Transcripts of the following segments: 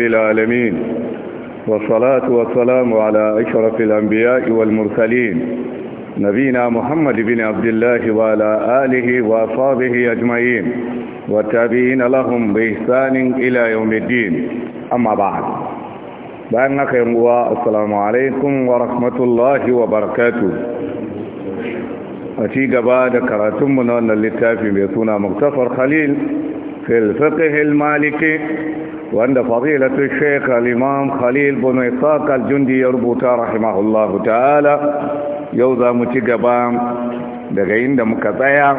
رب العالمين والصلاة والسلام على أشرف الأنبياء والمرسلين نبينا محمد بن عبد الله وعلى آله وأصحابه أجمعين والتابعين لهم بإحسان إلى يوم الدين أما بعد بأن خير السلام عليكم ورحمة الله وبركاته أتي قبادة كراتمنا أن اللتافي بيسونا مغتفر خليل في الفقه المالكي wanda fadilatu shaykh al-imam khalil ibn isaq al-jundi ya rubuta rahimahullahu ta'ala yau za mu ci gaba daga inda muka tsaya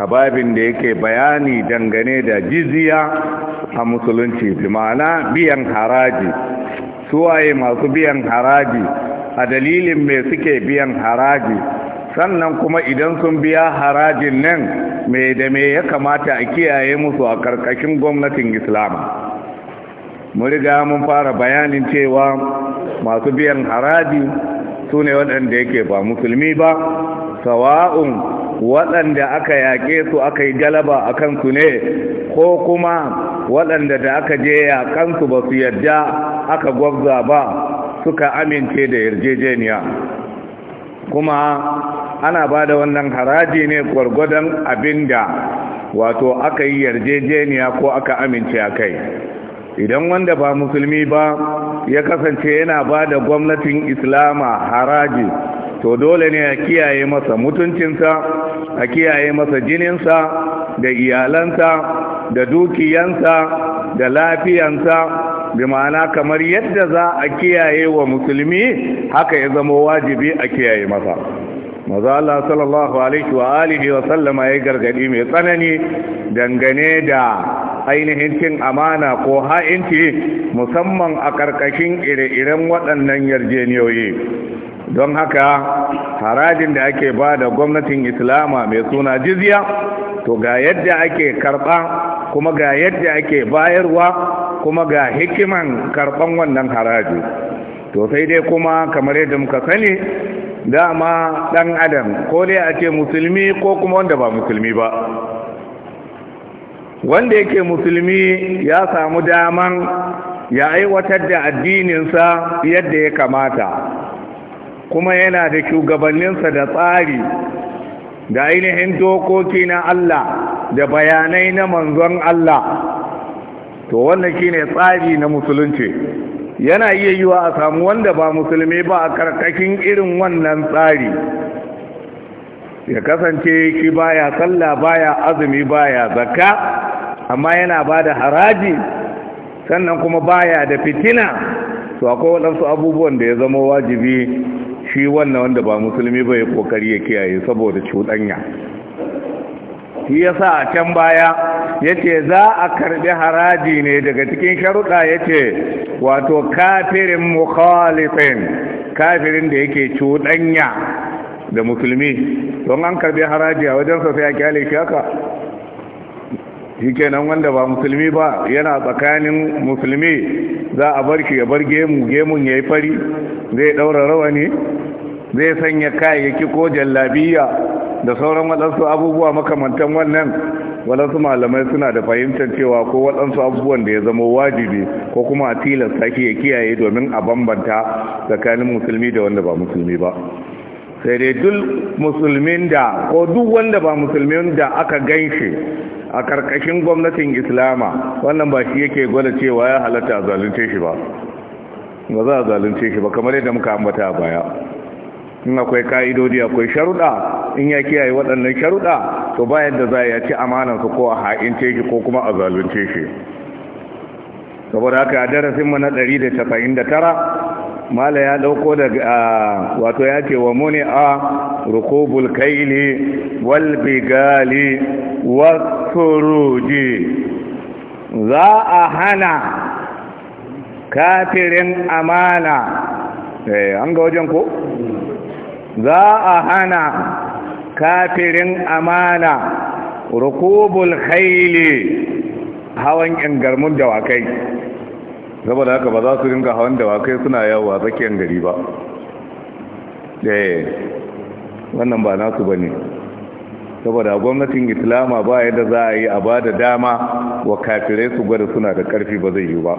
a babin da yake bayani dangane da jiziya a musulunci bi ma'ana biyan haraji su waye masu biyan haraji a dalilin me suke biyan haraji sannan kuma idan sun biya harajin nan me da me ya kamata a kiyaye musu a karkashin gwamnatin islam mu riga mun fara bayanin cewa masu biyan haraji su ne waɗanda yake ba musulmi ba sawa'un waɗanda aka yaƙe su aka yi galaba a kansu ne ko kuma waɗanda da aka je yaƙansu ba su yadda aka gwabza ba suka amince da yarjejeniya kuma ana ba da wannan haraji ne gwargwadon abin da wato aka yi yarjejeniya ko aka amince a kai idan wanda ba musulmi ba ya kasance yana ba da gwamnatin islama haraji to dole ne a kiyaye masa mutuncinsa a kiyaye masa jininsa da iyalansa da dukiyansa da lafiyansa bi ma'ana kamar yadda za a kiyaye wa musulmi haka ya zama wajibi a kiyaye masa maza Allah sallallahu alaihi wa alihi wa sallama ya gargadi mai tsanani dangane da ainihin cin amana ko ha'inci musamman a ƙarƙashin ire-iren waɗannan yarjeniyoyi don haka harajin da ake ba da gwamnatin islama mai suna jizya to ga yadda ake karɓa kuma ga yadda ake bayarwa kuma ga hikiman karɓan wannan haraji to sai dai kuma kamar yadda muka sani dama ɗan adam ko dai a ce musulmi ko kuma wanda ba musulmi ba wanda yake musulmi ya samu daman ya aiwatar da addininsa yadda ya kamata kuma yana da shugabanninsa da tsari da ainihin dokoki na Allah da bayanai na manzon Allah to wannan shine tsari na musulunci yana iya yiwa a samu wanda ba musulmi ba a karkashin irin wannan tsari ya kasance shi baya sallah baya azumi baya zakka amma yana ba da haraji sannan kuma baya da fitina to akwai waɗansu abubuwan da ya zama wajibi shi wannan wanda ba musulmi ba ya kokari ya kiyaye saboda cuɗanya shi ya sa a can baya ya ce za a karɓi haraji ne daga cikin sharuɗa ya ce wato kafirin mukhalifin kafirin da yake cuɗanya da musulmi don an karɓi haraji a wajensa sai a kyale shi haka shi kenan wanda ba musulmi ba yana tsakanin musulmi za a bar shi ya bar gemu gemun ya yi fari zai ɗaura rawa zai sanya kayayyaki ko jallabiya da sauran waɗansu abubuwa makamantan wannan waɗansu malamai suna da fahimtar cewa ko waɗansu abubuwan da ya zama wajibi ko kuma a tilasta ya kiyaye domin a bambanta tsakanin musulmi da wanda ba musulmi ba sai dai duk musulmin da ko duk wanda ba musulmin da aka ganshi a karkashin gwamnatin islama wannan ba shi yake gwada cewa ya halatta a zalunce shi ba ba za a zalunce shi ba kamar yadda muka ambata a baya in akwai ka'idodi akwai sharuɗa in ya kiyaye waɗannan sharuɗa to bayan da za ya ci amanansa ko a ha'ince shi ko kuma a zalunce shi saboda haka a darasinmu na 199 mala ya dauko daga wato ya ce wa muni a rukubul kaili wal bigali wasuruji za a hana kafirin amana eh an ga wajen ko za a hana kafirin amana rukubul kaili, hawan garmun dawakai gaba haka ba za su ringa hawan dawakai suna yawo a tsakiyar gari ba eh, wannan ba nasu ba ne saboda gwamnatin islama ba yadda za a yi a ba da dama wa kafirai su gwada suna da karfi ba zai yi ba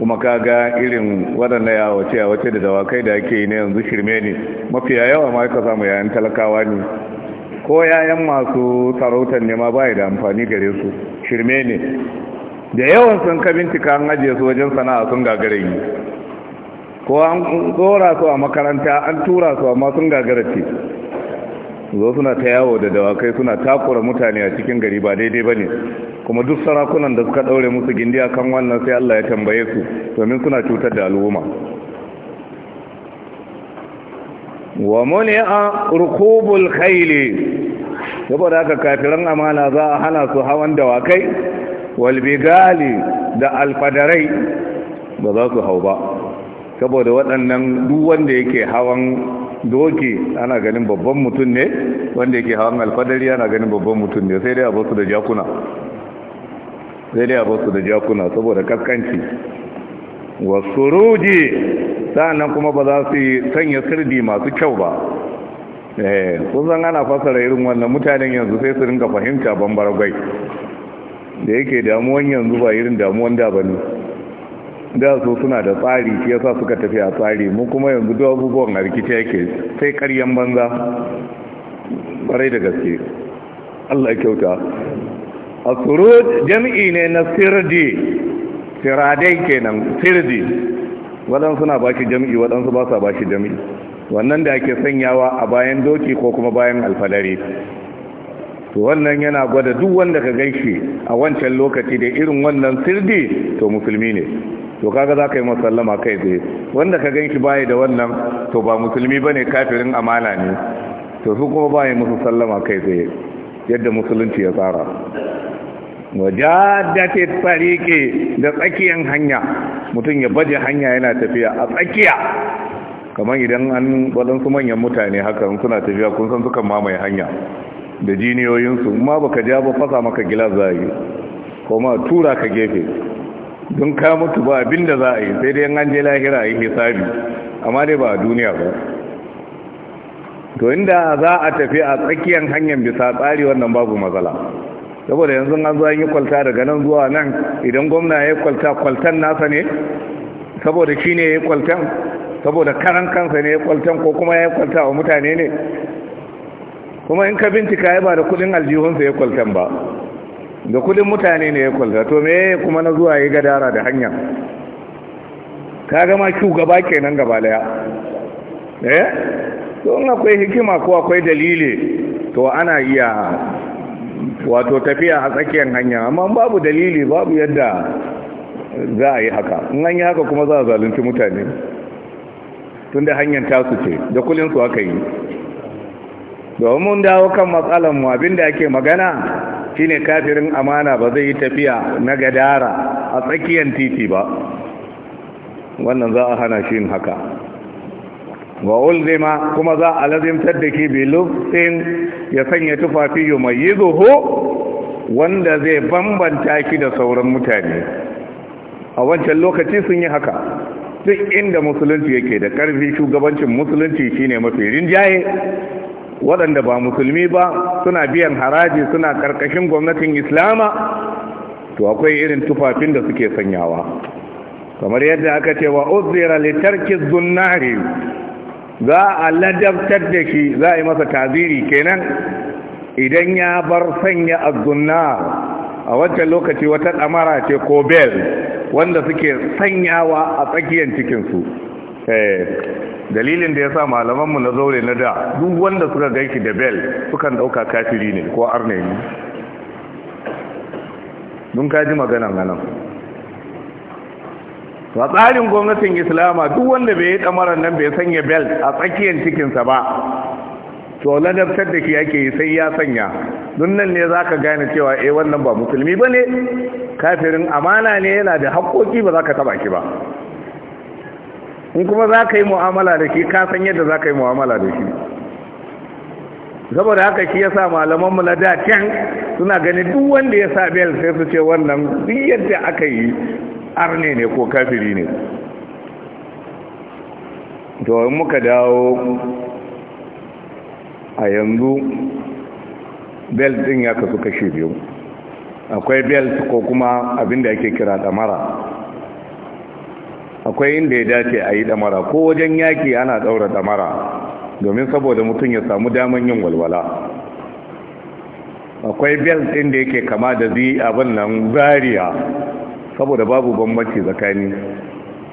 kuma kaga irin waɗanda ya wace a wace da dawakai da ake yi na yanzu shirme ne mafiya yawa ma ka samu yayan talakawa ne ko yayan masu sarautar ne ma ba da amfani gare su shirme ne da yawan sun ka bincika an ajiye su wajen sana'a sun gagara yi ko an tsora su a makaranta an tura su amma sun gagara ce zo suna ta yawo da dawakai suna takura mutane a cikin gari ba daidai ba ne kuma duk sarakunan da suka ɗaure musu gindi a kan wannan sai Allah ya tambaye su domin suna cutar da al'umma wa muni a rukubul khaili saboda haka kafiran amana za a hana su hawan dawakai walbigali da alfadarai ba za su hau ba saboda waɗannan duk wanda yake hawan doki ana ganin babban mutum ne wanda yake hawan alfadari ana ganin babban mutum ne sai dai a su da jakuna sai dai a su da jakuna saboda kaskanci wasu ruji sa'annan kuma ba za su sanya sirdi masu kyau ba eh kusan ana fasara irin wannan mutanen yanzu sai su ringa fahimta bambaragwai da yake damuwan yanzu ba irin damuwan da bane da su suna da tsari shi yasa suka tafi a tsari mu kuma yanzu duk abubuwan a yake sai karyan banza ƙwarai da gaske Allah kyauta a surut jam'i ne na sirdi siradai kenan sirdi waɗansu suna bashi jami'i jam'i waɗansu ba sa bashi jami'i jam'i wannan da ake sanyawa a bayan doki ko kuma bayan alfadari to wannan yana gwada duk wanda ka gaishe a wancan lokaci da irin wannan sirdi to musulmi ne to kaga za ka yi masallama kai zai wanda ka ganshi baya da wannan to ba musulmi ba ne kafirin amana ne to su kuma baya musu sallama kai zai yadda musulunci ya tsara wajadati tsariki da tsakiyan hanya mutum ya baje hanya yana tafiya a tsakiya kamar idan an waɗansu manyan mutane hakan suna tafiya kun san sukan mamaye hanya da jiniyoyinsu ma baka ja ba fasa maka gilas za a yi kuma tura ka gefe don ka mutu ba abin da za a yi sai dai yan anje lahira a yi hisabi amma dai ba a duniya ba to inda za a tafi a tsakiyar hanyar bisa tsari wannan babu matsala saboda yanzu an zo an yi kwalta daga nan zuwa nan idan gwamna ya yi kwalta kwaltan nasa ne saboda shi ne ya yi kwaltan saboda karan kansa ne ya kwaltan ko kuma ya yi kwalta wa mutane ne kuma in ka bincika ya ba da kudin aljihunsa ya kwaltan ba da kudin mutane ne ya kwalta to me kuma na zuwa ya gadara da hanya ka gama shugaba kenan gaba daya eh to in akwai hikima ko akwai dalili to ana iya wato tafiya a tsakiyar hanya amma babu dalili babu yadda za a yi haka in an yi haka kuma za a zalunci mutane tun da hanyar tasu ce da kulinsu aka yi domin mun dawo kan matsalan mu abinda ake magana shine kafirin amana ba zai yi tafiya na gadara a tsakiyar titi ba wannan za a hana shi haka wa ulzima kuma za a lazimtar da bi lufin ya sanya tufafi mai yi wanda zai bambanta shi da sauran mutane a wancan lokaci sun yi haka duk inda musulunci yake da ƙarfi shugabancin musulunci shine mafi rinjaye waɗanda ba musulmi ba suna biyan haraji suna ƙarƙashin gwamnatin islama to akwai irin tufafin da suke sanyawa kamar yadda aka ce wa uzira litarki zunnari za a ladabtar da shi za a yi masa taziri kenan idan ya bar sanya azunna a wancan lokaci wata ɗamara ce ko bel wanda suke sanyawa a tsakiyar cikinsu eh, dalilin da ya sa malamanmu na zaure na da duk wanda suka ganki da bel sukan ɗauka kafiri ne ko arne ne mun kaji maganan nan wa tsarin gwamnatin islama duk wanda bai yi ɗamarar nan bai sanya bel a tsakiyar cikinsa ba to ladabtar da ke yake yi sai ya sanya don nan ne za ka gane cewa eh wannan ba musulmi ba ne kafirin amana ne yana da haƙƙoƙi ba za ka taɓa ki ba in kuma za ka yi mu'amala da shi ka san yadda za ka yi mu'amala da shi saboda haka shi ya sa malamanmu na da can suna ganin duk wanda ya sa bel sai su ce wannan duk yadda aka yi arne ne ko kafiri ne to in muka dawo a yanzu bel din ya kasu kashe biyu akwai bel ko kuma abinda ake kira damara akwai inda ya dace a yi damara ko wajen yaki ana daura damara domin saboda mutum ya samu daman yin walwala akwai belt ɗin da yake kama da zi abin nan zariya saboda babu bambanci tsakani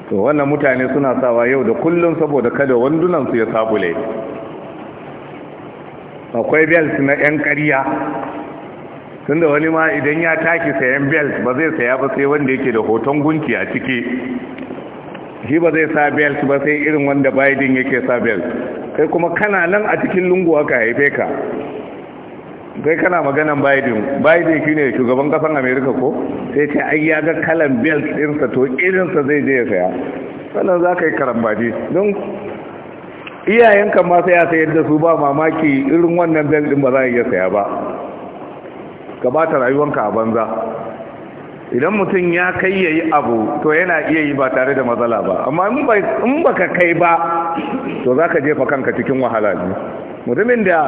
to wannan mutane suna sawa yau da kullum saboda kada wandunansu ya sabule akwai belt na 'yan ƙarya tunda wani ma idan ya taki sayan belt ba zai saya ba sai wanda yake da hoton gunki a ciki shi ba zai sa belt ba sai irin wanda biden yake sa belt kai kuma kana nan a cikin lungu aka haife ka kai kana maganan biden biden shi ne shugaban kasan america ko sai ce ai ya ga kalan belt ɗinsa to irinsa zai je ya saya sannan za ka yi karambaji don iyayenka ma sai ya sayar da su ba mamaki irin wannan belt ɗin ba za a iya saya ba gabata rayuwanka a banza idan mutum ya kai ya yi abu to yana iya yi ba tare da matsala ba amma in ba ka kai ba to za ka jefa kanka cikin wahala ne mutumin da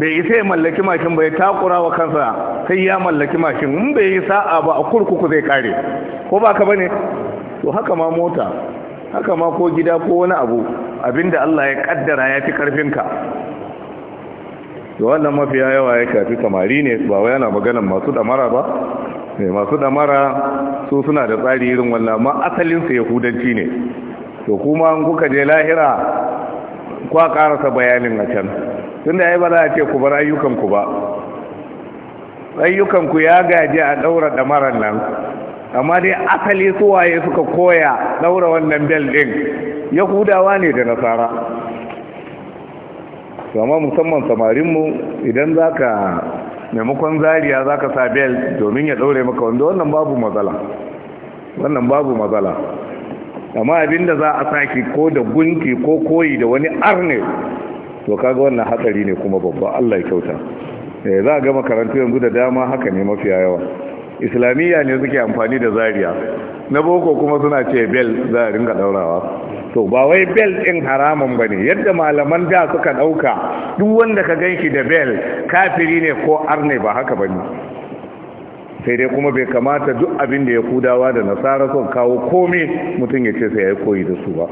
bai yi ya mallaki mashin bai takura wa kansa sai ya mallaki mashin in bai yi sa'a ba a kurkuku zai kare ko ba ka bane to haka ma mota haka ma ko gida ko wani abu abinda Allah ya kaddara ya fi karfinka wannan mafiya yawa ya shafi samari ne ba wa yana maganan masu damara ba ne eh, masu damara su suna da tsari irin wannan amma asalinsa yahudanci ne to kuma an kuka je lahira kwa karasa bayanin a can tunda yi ba za a ce ku bar ayyukanku ba Ayyukanku ya gaje a ɗaura damaran nan amma dai asali suwaye suka koya ɗaura wannan bel ɗin. yahudawa ne da nasara to amma musamman samarinmu idan za ka maimakon zariya za ka sa bel domin ya ɗaure maka wanda wannan babu matsala wannan babu matsala amma abinda za a saki ko da gunki ko koyi da wani arne to kaga wannan hatsari ne kuma babba Allah ya kyauta eh za ga makarantu yanzu da dama haka ne mafiya yawa islamiyya ne suke amfani da zariya na boko kuma suna ce bel za a ringa daurawa to ba wai bel ɗin haramun ba ne yadda malaman da suka ɗauka duk wanda ka ganki da bel kafiri ne ko arne ba haka bane. sai dai kuma bai kamata duk abin da ya kudawa da nasara sun kawo komai mutum ya ce sai ya koyi da su ba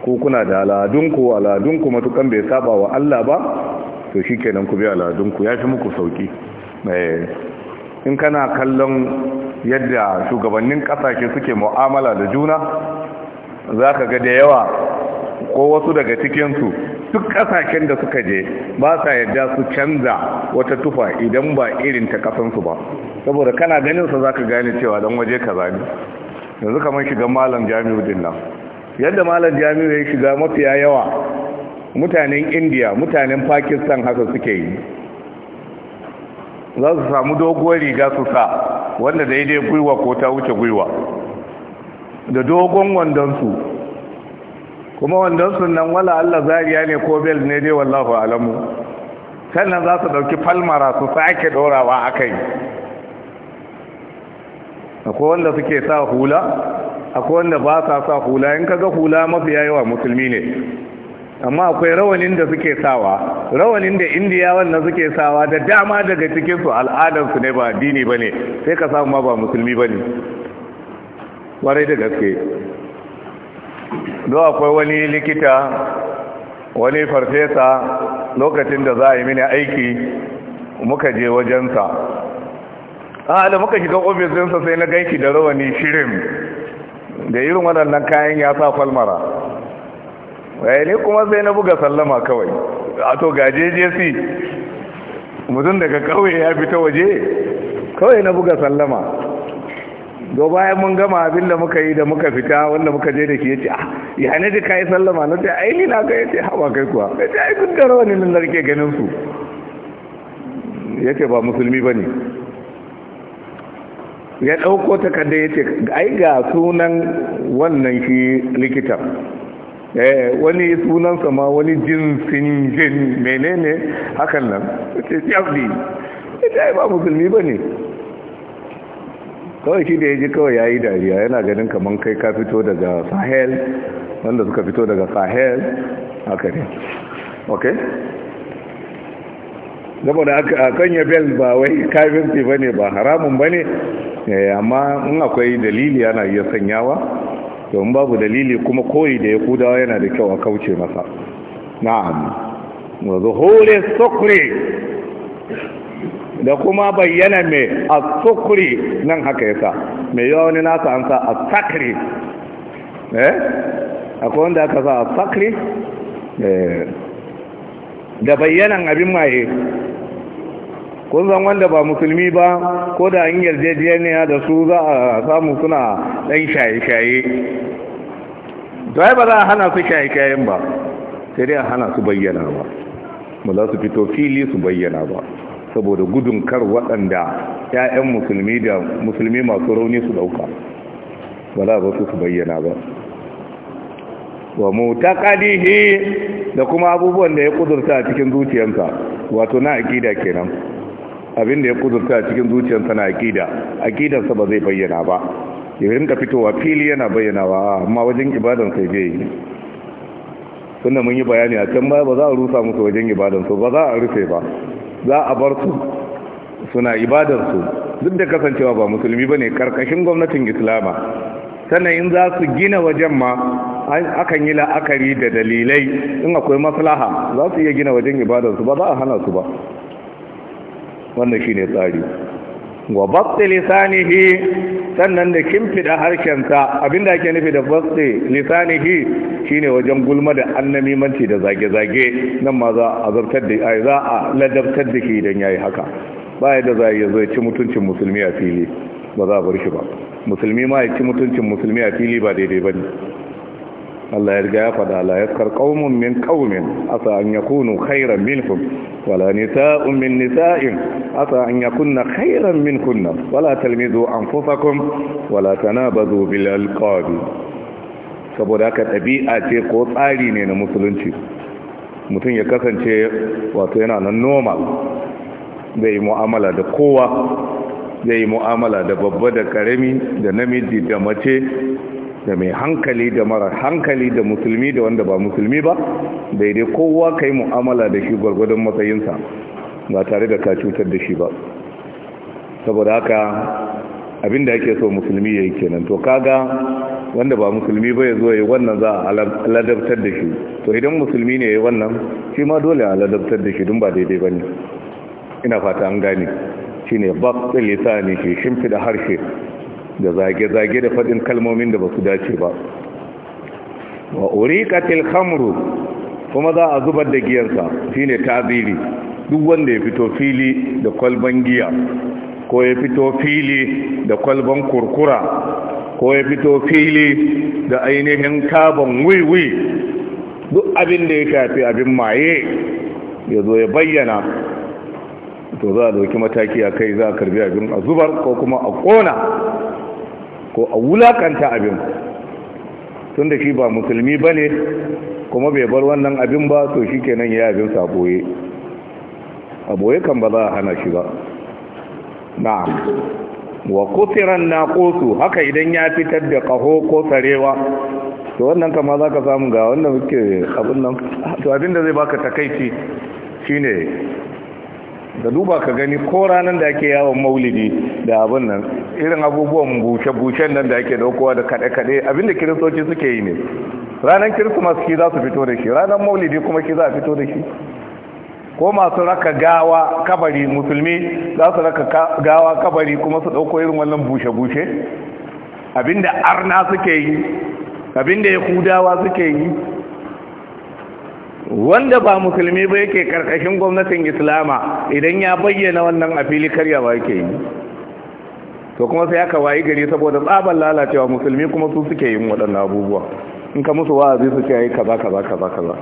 ko kuna da aladunku aladunku matukan bai saba wa Allah ba to shikenan ku bi aladunku ya fi muku sauki eh. in kana kallon yadda shugabannin kasashe suke mu'amala da juna za ka ga da yawa ko wasu daga cikinsu duk kasashen da suka je ba sa yadda su canza wata tufa idan ba irin ta kasansu ba saboda kana ganinsa za ka gane cewa don waje ka zane yanzu kamar shiga malam jami'u din nan yadda malam jami'u ya shiga mafiya yawa mutanen indiya mutanen pakistan haka suke yi za su samu doguwar riga su sa wanda daidai gwiwa ko ta wuce gwiwa da dogon wandonsu kuma wandonsu nan wala Allah zariya ne ko bel ne dai wallahu alamu sannan za su dauki falmara su sake dorawa a kai akwai wanda suke sa hula akwai wanda ba sa sa hula in kaga hula mafi yawa musulmi ne amma akwai rawanin da suke sawa rawanin da indiyawan na suke sawa da dama daga cikin al'adarsu ne ba addini ba ne sai ka samu ma ba musulmi ba ne warai da gaske do akwai wani likita wani farfesa lokacin da za a yi mini aiki muka je wajensa a ah, da muka shiga ofisinsa sai na ganki da rawani shirin da irin waɗannan kayan ya sa falmara wai eh, ne kuma sai na buga sallama kawai a to gaje jesi mutum daga kauye ya fita waje kawai na buga sallama do bayan mun gama abin da muka yi da muka fita wanda muka je da ke yace ah ya ne da kai sallama na ta aini na ga yace hawa kai kuwa yace ai kun garo ne nan narke ganin su yace ba musulmi bane ya ɗauko takarda yace ai ga sunan wannan shi likitan eh wani sunansa ma wani jinsin jin menene hakan nan ce tsabdi ita ba musulmi bane kawai shi da ya ji kawai ya yi dariya yana ganin kamar kai ka fito daga sahel wanda suka fito daga sahel haka ne ok zama da aka ya bel ba wai kafinci ba ne ba haramun ba ne eh, amma in akwai dalili ana iya sanyawa domin babu dalili kuma koyi da ya kudawa yana da kyau a kauce masa na'am wa zuhuri sukri da kuma bayyana mai a sukri nan haka sa. mai yawa wani nasa an sa a sakri eh akwai wanda aka sa a sakri eh. da bayyanan abin maye ko zan wanda ba musulmi ba ko da an yarjejeniya da su za a samu suna ɗan shaye-shaye ai ba za a hana su shaye-shayen ba sai dai a hana su bayyana ba mu za su fito fili su bayyana ba saboda gudun kar waɗanda 'ya'yan musulmi da musulmi masu rauni su ɗauka ba za ba su su bayyana ba wa mutaqadihi da kuma abubuwan da ya kudurta a cikin zuciyarsa wato na akida kenan abin da ya kudurta a cikin zuciyarsa na akida akidarsa ba zai bayyana ba ya ka fitowa fili yana bayyanawa amma wajen ibadan sai je yi tunda mun yi bayani a can baya ba za a rusa musu wajen ibadan su ba za a rufe ba za a bar su suna ibadan su duk da kasancewa ba musulmi bane karkashin gwamnatin islama sannan in za su gina wajen ma akan yi la'akari da dalilai in akwai maslaha za su iya gina wajen ibadan su ba za a hana su ba wannan shine tsari wa basti lisanihi sannan da kimfida abin da ake nufi da basti lisanihi shine wajen gulma da annamimanci da zage-zage nan ma za a zartar da ai za a ladabtar da shi idan yayi haka Ba da za ya zo ci mutuncin musulmi a fili ba za a bar shi ba musulmi ma ya ci mutuncin musulmi a fili ba daidai bane Allah ya riga ya faɗa la yaskar qaumun min qaumin asa an yakunu khairan minhum wala nisa'un min nisa'in asa an yakunna khairan minkunna wala talmizu anfusakum wala tanabazu bil alqab saboda haka ɗabi'a ce ko tsari ne na musulunci mutum ya kasance wato yana nan normal zai yi mu'amala da kowa zai yi mu'amala da babba da karami da namiji da mace da mai hankali da marar hankali da musulmi da wanda ba musulmi ba daidai kowa kai mu'amala da shi gwargwadon matsayinsa ba tare da ka cutar da shi ba saboda haka abinda ake so musulmi ya yi kenan to kaga wanda ba musulmi ba ya zo ya yi wannan za a ladabtar da shi to idan musulmi ne ya yi wannan shi ma dole a ladabtar da shi dun ba daidai ba ne ina fata an gane shi ne bak ne shi shimfi da harshe da zage-zage da faɗin kalmomin da ba su dace ba wa Katil Hamru. kuma za a zubar da giyansa shine tabiri duk wanda ya fito fili da kwalban giya ko ya fito fili da kwalban kurkura ko ya fito fili da ainihin taban wiwi duk abin da ya shafi abin maye ya zo ya bayyana to za a dauki mataki a kai za a karbi abin a zubar ko kuma a kona ko a wulakanta abin tun da shi ba musulmi ba ne kuma bai bar wannan abin ba to shi kenan ya abin sa boye a boye kan ba za a hana shi ba na'am wa na naqusu haka idan ya fitar da kaho ko sarewa to wannan kama za ka samu ga wannan muke abin nan to abin da zai baka takaici shine da duba ka gani ko ranar da ake yawon maulidi da abin nan irin abubuwan buce bushen nan da ake daukowa da kaɗe-kaɗe abinda kiristoci suke yi ne ranar kirsimas shi za su fito da shi ranar maulidi kuma shi za a fito da shi ko masu raka gawa kabari musulmi za su raka gawa kabari kuma su dauko irin wannan bushe-bushe abinda arna suke yi abinda yahudawa suke yi wanda ba musulmi ba yake karkashin gwamnatin islama idan ya bayyana wannan a fili karyawa yake yi to kuma sai aka wayi gari saboda tsaban lalacewa musulmi kuma su suke yin waɗannan abubuwa in ka musu wa'azi su ce kaza kaza kaza kaza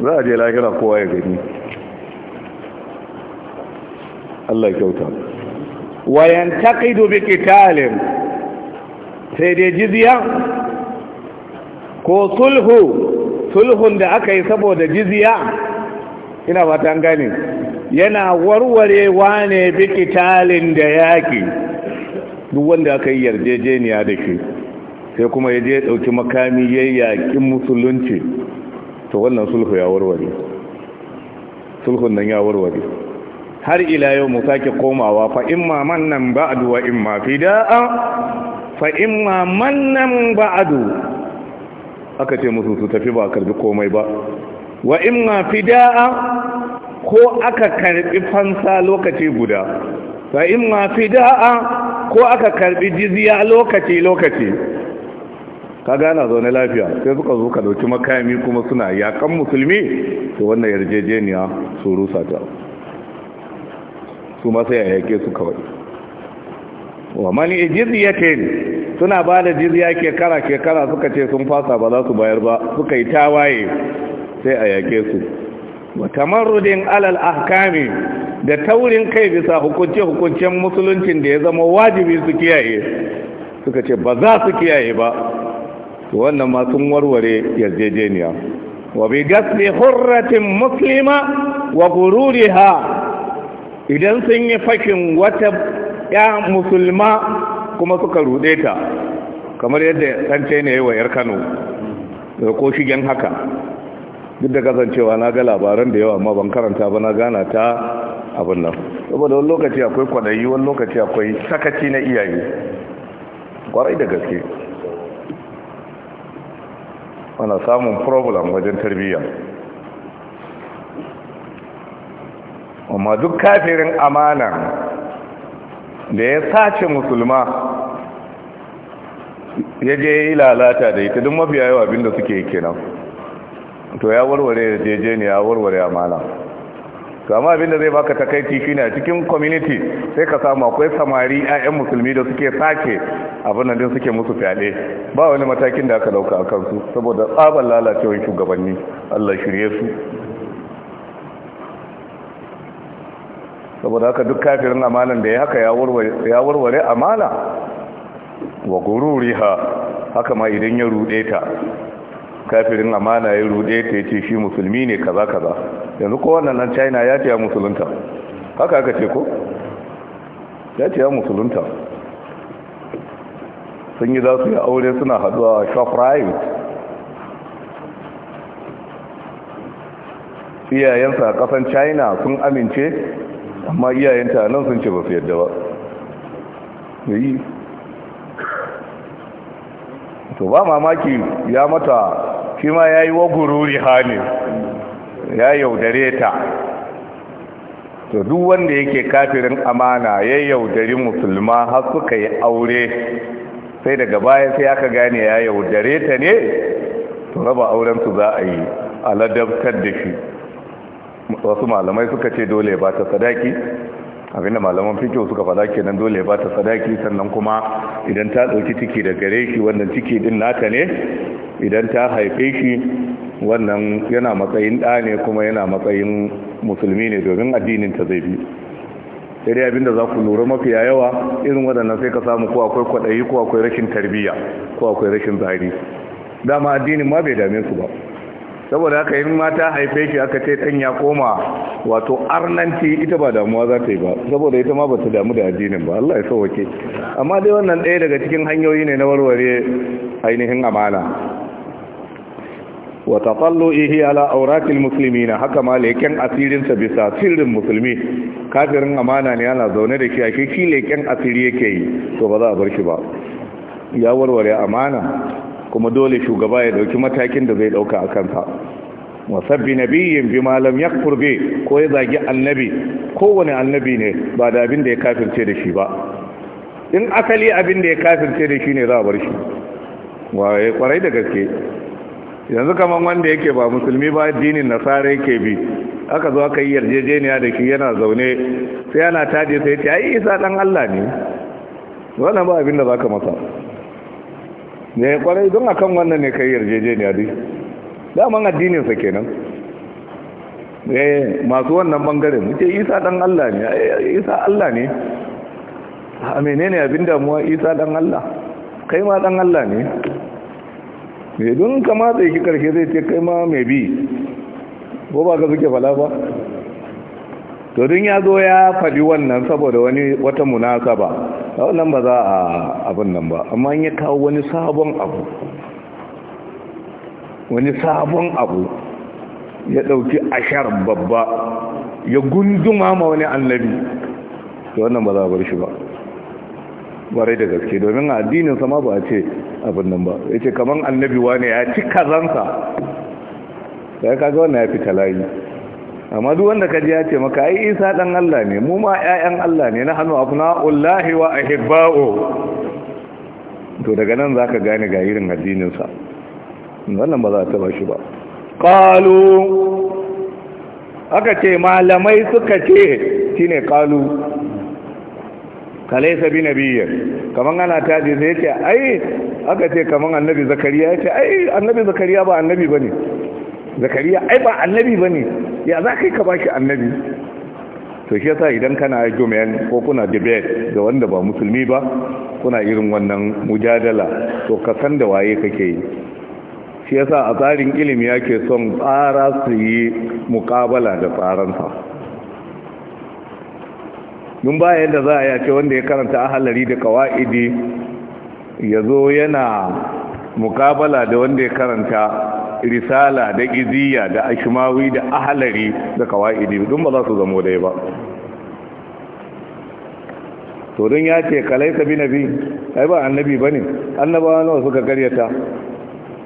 za a je lahira kowa ya gani Allah kyauta wayan taqidu bi qitalin sai dai jizya ko sulhu sulhun da aka yi saboda jizya ina fata an gane yana warwarewa ne bikitalin da yaki duk wanda aka yi yarjejeniya da shi sai kuma ya je ɗauki makami ya yakin musulunci to wannan sulhu ya warware sulhun nan ya warware har ila yau mu sake komawa fa imma mannan ba'du wa imma fida'a fa imma mannan ba'du aka ce musu su tafi ba karbi komai ba wa imma fida'a ko aka karbi fansa lokaci guda fa in ma fida'a ko aka karbi jizya lokaci lokaci ka gana zaune lafiya sai suka zo ka dauki makami kuma suna yakan musulmi to wannan yarjejeniya su rusa ta su sai a yake su kawai wa mani ke suna ba da jizya kekara kekara suka ce sun fasa ba za su bayar ba suka yi tawaye sai a yake su wa alal ahkami da taurin kai bisa hukunce-hukuncen musuluncin da ya zama wajibi su kiyaye suka ce ba za su kiyaye ba wannan ma sun warware yarjejeniya wa bi gasli hurratin muslima wa gururiha idan sun yi fashin wata ya musulma kuma suka rude ta kamar yadda na ne wa yar kano ko shigen haka duk da kasancewa na ga labaran da yawa amma ban karanta ba na gana ta abin nan saboda wani lokaci akwai kwadayi wani lokaci akwai sakaci na iyaye kwarai da gaske ana samun problem wajen tarbiyya amma duk kafirin amana da ya sace musulma ya je yi lalata da ita duk mafiya yawa abinda suke yi kenan to ya warware yarjejeniya ya warware amana kama abin abinda zai baka takaici shine a cikin community sai ka samu akwai samari 'ya'yan musulmi da suke sake abin din suke musu fyaɗe ba wani matakin da aka dauka akan su saboda tsabar lalacewar shugabanni Allah shirye su saboda haka duk kafirin amalan da ya haka ya warware amana wa gururiha haka ma idan ya rude ta kafirin amana ya rude ta yace shi musulmi ne kaza kaza yanzu ko wannan nan China ya ce ya musulunta haka aka ce ko ya ce ya musulunta sun yi za su yi aure suna haduwa a shoprite iyayensa a kasan china sun amince amma iyayenta nan sun ce ba su yadda ba yi to ba mamaki ya mata shi ma ya yi wa gururi hane ya yaudare ta to duk wanda yake kafirin amana ya yaudari musulma har suka yi aure sai daga baya sai aka gane ya yaudare ta ne to raba aurensu za a yi aladabtar da shi wasu malamai suka ce dole ba ta sadaki abinda malaman fikiyo suka faɗa kenan dole ba ta sadaki sannan kuma idan ta ɗauki ciki da gare shi wannan ciki din nata ne idan ta haife shi wannan yana matsayin ɗa ne kuma yana matsayin musulmi ne domin addinin ta zai bi sai abinda za ku lura mafi yawa irin waɗannan sai ka samu ko akwai kwaɗayi ko akwai rashin tarbiyya ko akwai rashin tsari dama addinin ma bai dame su ba saboda haka yin mata haife shi aka ce ɗan ya koma wato arnanci ita ba damuwa za ta yi ba saboda ita ma ba ta damu da addinin ba Allah ya sauwake amma dai wannan ɗaya daga cikin hanyoyi ne na warware ainihin amana wa ihi ala musulmi muslimina haka ma leken asirin sa bisa sirrin musulmi kafirin amana ne yana zaune da shi ake shi leken asiri yake yi to ba za a bar shi ba ya warware amana kuma dole shugaba ya dauki matakin da zai dauka a kansa na nabiyyin bi malam yakfur bi ko ya zagi annabi kowane annabi ne ba da abin da ya kafirce da shi ba in akali abin da ya kafirce da shi ne za a bar shi Wa ya kwarai da gaske yanzu kaman wanda yake ba musulmi ba addinin nasara yake bi aka zo aka yi yarjejeniya da shi yana zaune sai yana taje sai ya ce ai isa dan Allah ne wannan ba abin da zaka masa ne kwarai don akan wannan ne kai yarjejeniya dai daman addininsa kenan eh masu wannan bangaren muke isa dan Allah ne isa Allah ne a menene abin damuwa isa dan Allah kai ma dan Allah ne ne don kamata yake karshe zai ce kai ma mai bi ko ba ka suke fala ba to dun ya zo ya faɗi wannan saboda wani wata munasa a wannan ba za a abin nan ba amma ya kawo wani sabon abu wani sabon abu ya ɗauki ashar babba ya gunduma ma wani annabi to wannan ba za a bar shi ba warai da gaske domin addinin sama ba a ce abin nan ba ya ce kamar annabi wane ya ci kazansa da ya kaga wannan ya fi talayi amma duk wanda kaji ya ce maka ai isa dan Allah ne mu ma ƴaƴan Allah ne na hannu abna'ullahi wa ahibba'u to daga nan zaka gane ga irin addinin sa wannan ba za ta ba shi ba qalu aka ce malamai suka ce shine qalu kalaisa bi nabiyya kaman ana taji sai yace ai aka ce kaman annabi zakariya yace ai annabi zakariya ba annabi bane zakariya ai ba annabi bane ya za ka yi ka ba shi annabi to shi yasa idan kana jomiyan ko kuna debet da wanda ba musulmi ba kuna irin wannan mujadala to ka san da waye kake yi shi yasa a tsarin ilimi yake son tsara su yi mukabala da tsaransa mun ba yadda za a yace wanda ya karanta ahalari da kawa'idi ya zo yana mukabala da wanda ya karanta risala da iziya da ashimawi da ahalari da kawaidi dun ba za su zamo dai ba to dun ya ce kalaisa bi nabi ai ba annabi bane annabawa nawa suka karyata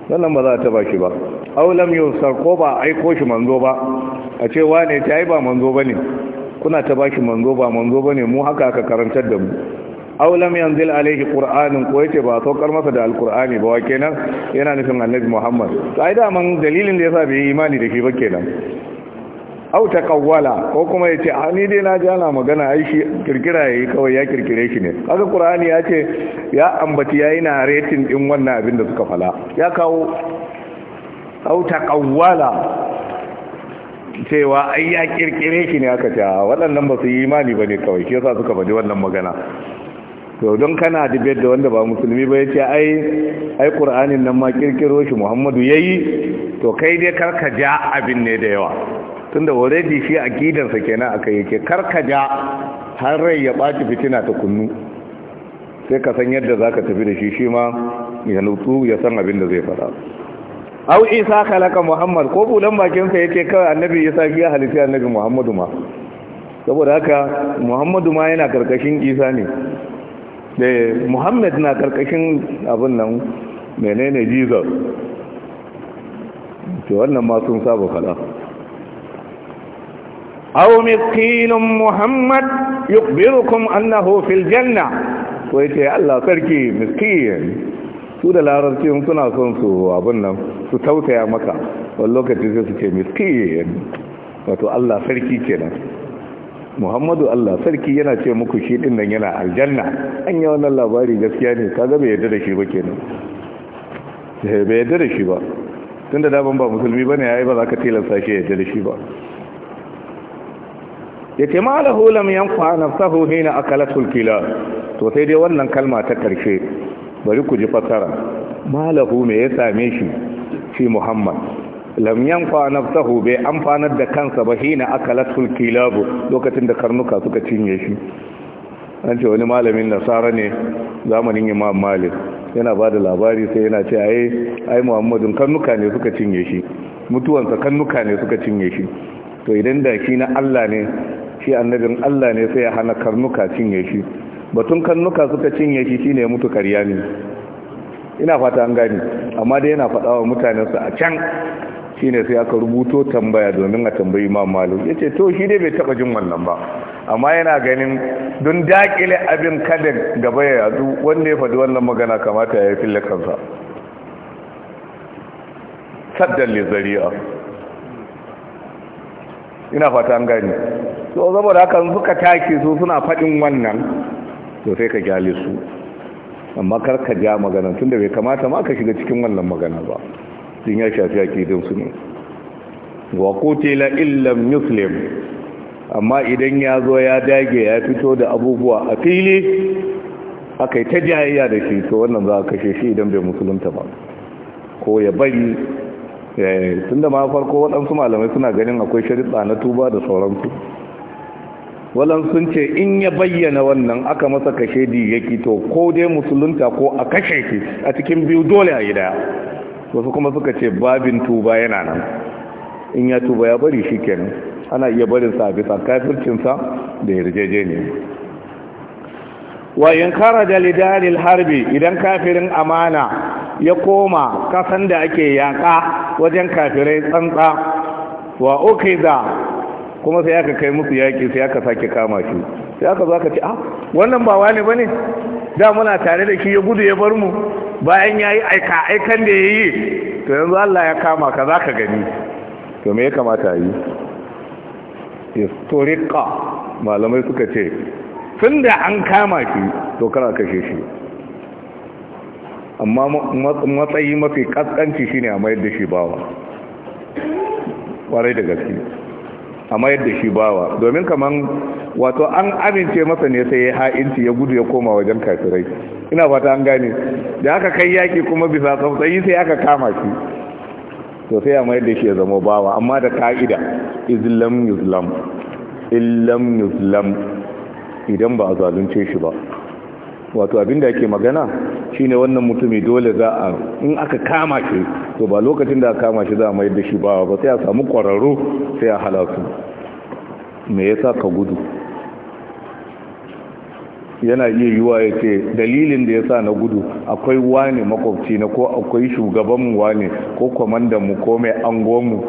sannan ba za ta ba shi ba aulam yusar ko ba aiko shi manzo ba a ce wane ta yi ba manzo bane kuna ta ba shi manzo ba manzo bane mu haka aka karantar da mu Aulam yanzil alaihi qur'anun ko yace ba saukar masa da alqur'ani ba kenan yana nufin annabi muhammad to ai da man dalilin da yasa bai imani da shi ba kenan ta taqawwala ko kuma yace a ah, ni dai na ji ana magana ai shi kirkira yayi kawai ya kirkire shi ne kaga qur'ani ya ce ya ambaci yayi na rating din wannan abin da suka fala ya kawo ta taqawwala cewa ai ya kirkire shi ne aka ta ah, waɗannan ba su yi imani ba ne kawai shi yasa suka faɗi wannan magana to don kana dibet da wanda ba musulmi ba yace ai ai qur'anin nan ma kirkiro shi muhammadu yayi to kai dai karka ja abin ne da yawa tunda already shi aqidar sa kenan akai yake karka ja har rai ya baci fitina ta kunnu sai ka san yadda zaka tafi da shi shi ma ya nutsu ya san abin da zai fara au isa khalaqa muhammad ko bulan bakin sa yake kawai annabi isa ya halitta annabi muhammadu ma saboda haka muhammadu ma yana karkashin isa ne muhammad na karkashin abin nan menene jesus to wannan ma sun saba fada aw miskinun muhammad yukbirukum annahu fil janna ko yace Allah sarki miskin su da larabci suna son su abin nan su tausaya maka wani lokaci sai su ce miskin wato Allah sarki kenan muhammadu allah sarki yana ce muku shi din nan yana aljanna an yi wannan labari gaskiya ne Ka bai yarda da shi ba kenan eh, bai yarda da shi ba tunda daban ba musulmi bane yayi ba za ka tilasta shi yarda da shi ba ya ce ma 'yan lam yanfa ne hina akalatul kilab to sai dai wannan kalma ta karshe bari ku ji fasara ma me ya same shi shi muhammad lam yanfa nafsahu bai amfanar da kansa ba hina akalatul kilabu lokacin da karnuka suka cinye shi an ce wani malamin nasara ne zamanin imam malik yana ba da labari sai yana ce ai ai muhammadun karnuka ne suka cinye shi mutuwansa karnuka ne suka cinye shi to idan da shi na allah ne shi annabin allah ne sai ya hana karnuka cinye shi batun karnuka suka cinye shi shine mutu karya ne ina fata an gani amma dai yana faɗa wa mutanensa a can shine sai aka rubuto tambaya domin a tambayi imam malik yace to shi ne bai taba jin wannan ba amma yana ganin don dakile abin kada gaba ya yadu wanda ya faɗi wannan magana kamata ya fille kansa saddan li zari'a ina fata an gani so saboda haka suka take su suna faɗin wannan to sai ka gyale su amma kar ka ja magana tunda bai kamata ma ka shiga cikin wannan magana ba sun ya shafi akidinsu ne wa kutila illam muslim amma idan ya zo ya dage ya fito da abubuwa a fili aka yi ta jayayya da shi to wannan za a kashe shi idan bai musulunta ba ko ya bari eh, tun da ma farko waɗansu malamai suna ganin akwai shari'a na tuba da sauransu walan sun ce in ya bayyana wannan aka masa kashe di to ko dai musulunta ko a kashe shi a cikin biyu dole a yi daya wasu kuma suka ce babin tuba yana nan in ya tuba ya bari shi kenan ana iya barin a bisa kafircinsa da ne wa in kharaja dalil harbi idan kafirin amana ya koma kasan da ake yaka wajen kafirai tsantsa wa ukiza kuma sai aka kai musu yaƙi sai aka sake kama shi sai aka zo aka ce ah wannan ba wani bane da muna tare da shi ya gudu ya bar mu bayan yayi aika aikan da yayi to yanzu Allah ya kama ka zaka gani to me ya kamata yi istoriqa malamai suka ce tun da an kama shi to kana kashe shi amma matsayi mafi kaskanci shine a mayar da shi bawa kwarai da gaske a mayar da shi bawa domin kaman wato an amince masa ne sai ya ha'inci ya gudu ya koma wajen kafirai ina fata an gane da aka kai yaki kuma bisa tsautsayi sai aka kama shi to sai a mayar da shi ya zama bawa amma da ka'ida izlam yuzlam illam yuzlam idan ba a zalunce shi ba wato abinda yake magana shine wannan mutumi dole za a in aka kama shi to ba lokacin da aka kama shi za a mai da shi ba ba sai a samu kwararru sai a halaku me yasa ka gudu yana iya yiwa ya ce dalilin da ya sa na gudu akwai wani makwabci na ko akwai shugabanmu wani ko kwamandan mu ko mai angonmu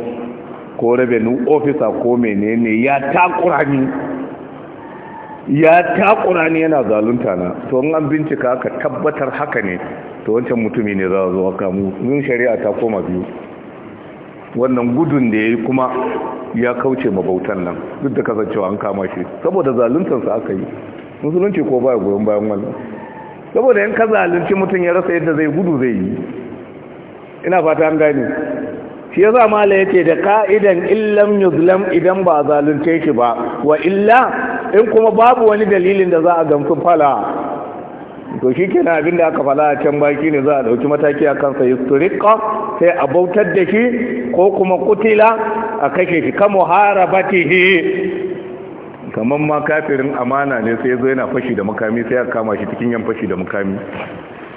ko rabenu ofisa ko menene ya takura ni ya takura ni yana zalunta na to in an bincika aka tabbatar haka ne to wancan mutumi ne za a zo aka mu mun shari'a ta koma biyu wannan gudun da yayi kuma ya kauce mabautan nan duk da kasancewa an kama shi saboda zaluntar sa aka yi musulunci ko baya goyon bayan wannan saboda yan ka zalunci mutum ya rasa yadda zai gudu zai yi ina fata an gane shi ya zama la yace da ka'idan illam yuzlam idan ba zalunce shi ba wa illa in kuma babu wani dalilin da za a gamsu fala to shi abin da aka fala a can baki ne za a dauki mataki a kansa yusturika sai a bautar da shi ko kuma kutila a kashe shi kamo harabatihi kamar ma kafirin amana ne sai zo yana fashi da makami sai a kama shi cikin yan fashi da makami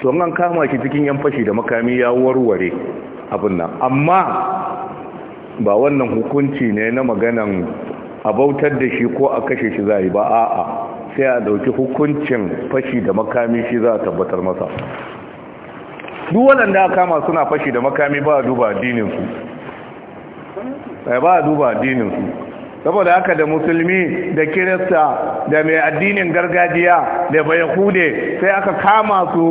to an kama shi cikin yan fashi da makami ya warware abin nan amma ba wannan hukunci ne na maganan a bautar da shi ko a kashe shi zai ba a sai a dauki hukuncin fashi da makami shi za a tabbatar masa duk waɗanda aka kama suna fashi da makami ba a duba addininsu eh, ba a duba addininsu saboda haka da musulmi da kirista da mai addinin gargajiya da bai hude sai aka kama su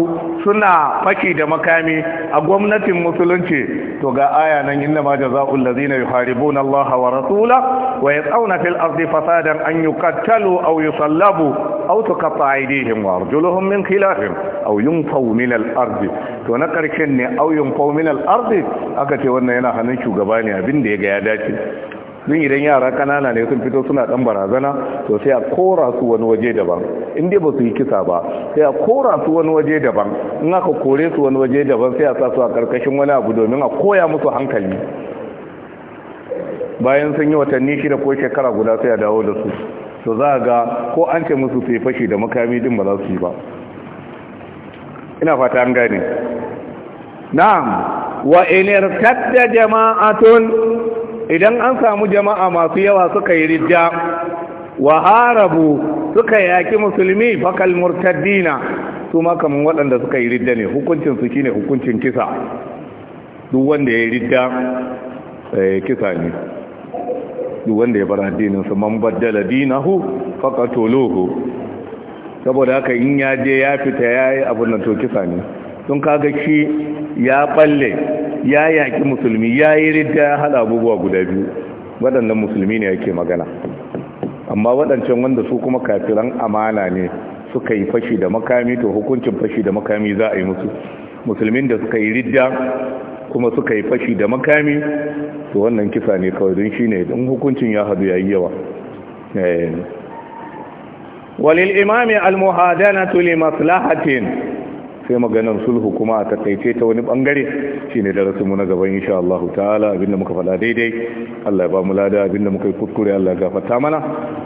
suna faki da makami a gwamnatin musulunci to ga aya nan inna ma jazaa'ul ladina yuharibuna Allah wa rasula wa yas'una fil ardi fasadan an yuqtalu aw yusallabu aw tuqatta aydihim wa arjuluhum min khilafin aw yunfaw min al ardi to na karshen ne aw yunfaw min al ardi aka ce wannan yana hannun shugaba ne abin da ya ga ya dace don idan yara kanana ne sun fito suna dan barazana to sai a kora su wani waje daban in dai ba su yi kisa ba sai a kora su wani waje daban in aka kore su wani waje daban sai a sa su a karkashin wani abu domin a koya musu hankali bayan sun yi watanni shida ko shekara guda sai a dawo da su to za ga ko an ce musu sai fashi da makami din ba za su yi ba ina fata an gane na'am wa in irtadda jama'atun idan an samu jama'a masu yawa suka yi ridda wa harabu suka yaki musulmi fakal murtaddina su ma waɗanda suka yi ridda ne hukuncin su shine hukuncin kisa duk wanda ya yi ridda eh, kisa ne duk wanda ya bar addinin su man baddala dinahu faqatuluhu saboda haka in ya je ya fita yi abin nan to kisa ne don kaga shi ya balle ya yaki musulmi ya yi ridda ya hada abubuwa guda biyu waɗannan musulmi ne yake magana amma waɗancan wanda su kuma kafiran amana ne suka yi fashi da makami to hukuncin fashi da makami za a yi musu musulmin da suka yi ridda kuma suka yi fashi da makami to wannan kisa ne kawai don shi ne don hukuncin ya hadu ya yi yawa eh. walil imami al-muhadanatu maslahatin sai maganar sulhu kuma a takaice ta wani bangare shine darasinmu na gaban insha Allah ta'ala abinda muka faɗa daidai Allah ya ba mu lada abinda muka yi kuskure Allah ya gafarta mana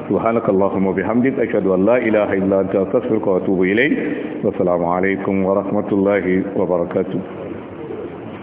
subhanakallahumma bihamdik ashhadu an la ilaha illa anta astaghfiruka wa atubu ilayk wa assalamu alaikum wa rahmatullahi wa barakatuh